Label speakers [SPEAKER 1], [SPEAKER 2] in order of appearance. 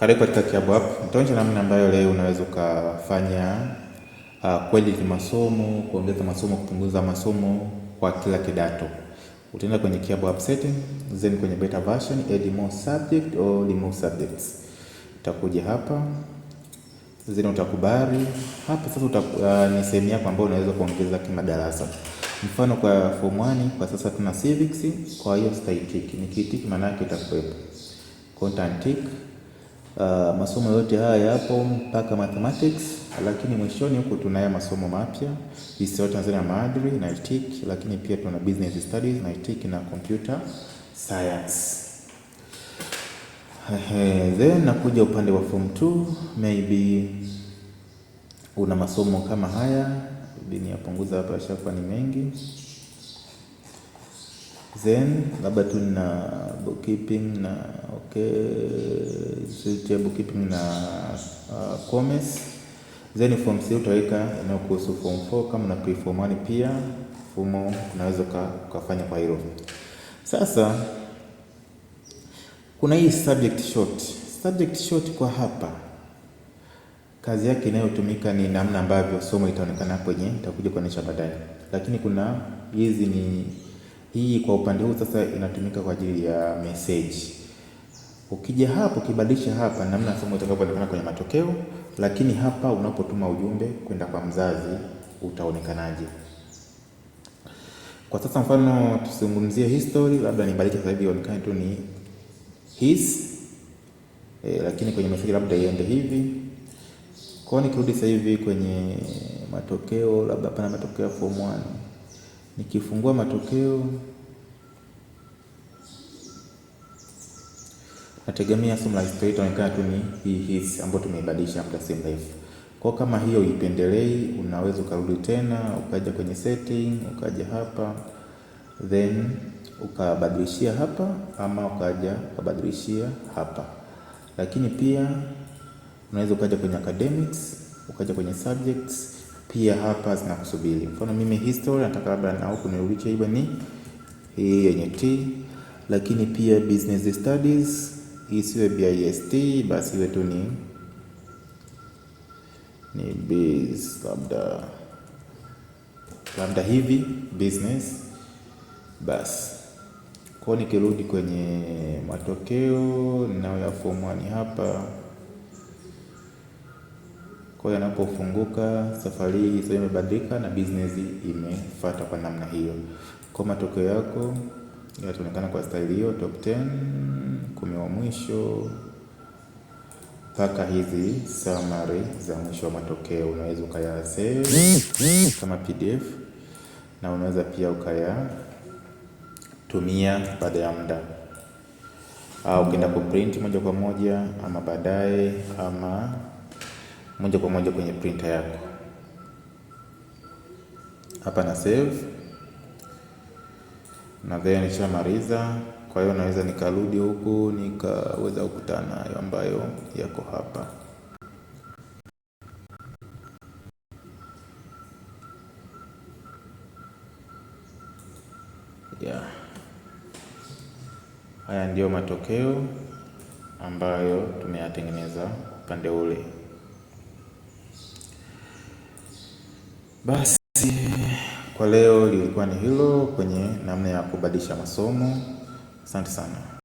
[SPEAKER 1] Karibu katika Kiabu App, nitaonyesha namna ambayo leo unaweza ukafanya uh, kweli masomo, kuongeza masomo, kupunguza masomo kwa kila kidato. Utaenda kwenye Kiabu App setting, then kwenye beta version, add more subject or remove subjects. Utakuja hapa then utakubali hapa sasa uta, uh, ni sehemu yako ambayo unaweza kuongeza kimadarasa. Mfano kwa form 1 kwa sasa tuna civics, kwa hiyo sitaitiki. Nikiitiki maana yake itakuwepo. Content tick Uh, masomo yote haya yapo mpaka mathematics, lakini mwishoni huku tunayo masomo mapya historia Tanzania maadili na ITIC, lakini pia tuna business studies na ITIC na computer science. then nakuja upande wa form 2 maybe una masomo kama haya, niyapunguza hapa, yashakuwa ni mengi. Then labda tu na bookkeeping na okay, bookkeeping na uh, commerce. Then form C utaweka eneo kuhusu form 4 kama na form 1 pia mfumo unaweza ukafanya kwa hilo. Sasa kuna hii subject short. Subject short kwa hapa kazi yake inayotumika ni namna ambavyo somo itaonekana kwenye, itakuja kuonyesha baadaye, lakini kuna hizi ni hii kwa upande huu sasa inatumika kwa ajili ya message. Ukija hapo ukibadilisha hapa namna somo itakavyoonekana kwenye matokeo, lakini hapa unapotuma ujumbe kwenda kwa mzazi utaonekanaje? Kwa sasa mfano tuzungumzie history, labda nibadilike sasa hivi ionekane tu ni his e, lakini kwenye message labda iende hivi. Kwa nikirudi sasa hivi kwenye matokeo, labda pana matokeo ya form 1 Nikifungua matokeo nategemea somo la itaonekana tu ni hii hisi ambayo tumeibadilisha muda si mrefu. Kwa kama hiyo ipendelei, unaweza ukarudi tena ukaja kwenye setting ukaja hapa then ukabadilishia hapa ama ukaja ukabadilishia hapa, lakini pia unaweza ukaja kwenye academics ukaja kwenye subjects pia hapa zinakusubiri. Mfano mimi history nataka labda na huku niulize iba ni hii yenye t, lakini pia business studies isiwe BIST, basi iwe tu ni ni biz labda labda hivi business basi. Kwa nikirudi kwenye matokeo ninayo ya form 1 hapa kwa hiyo anapofunguka safari hii sasa imebadilika na business imefuata kwa namna hiyo. Kwa matokeo yako yataonekana kwa staili hiyo, top 10 kumi wa mwisho mpaka hizi summary za mwisho wa matokeo unaweza ukaya save kama PDF na unaweza pia ukayatumia baada ya muda au ukienda kuprint moja kwa moja ama baadaye ama moja kwa moja kwenye printer yako. Hapa na save na then nishamaliza. Kwa hiyo naweza nikarudi huku nikaweza kukutana nayo ambayo yako hapa. Yeah. Haya ndiyo matokeo ambayo tumeyatengeneza upande ule. Basi kwa leo lilikuwa ni hilo kwenye namna ya kubadilisha masomo. Asante sana.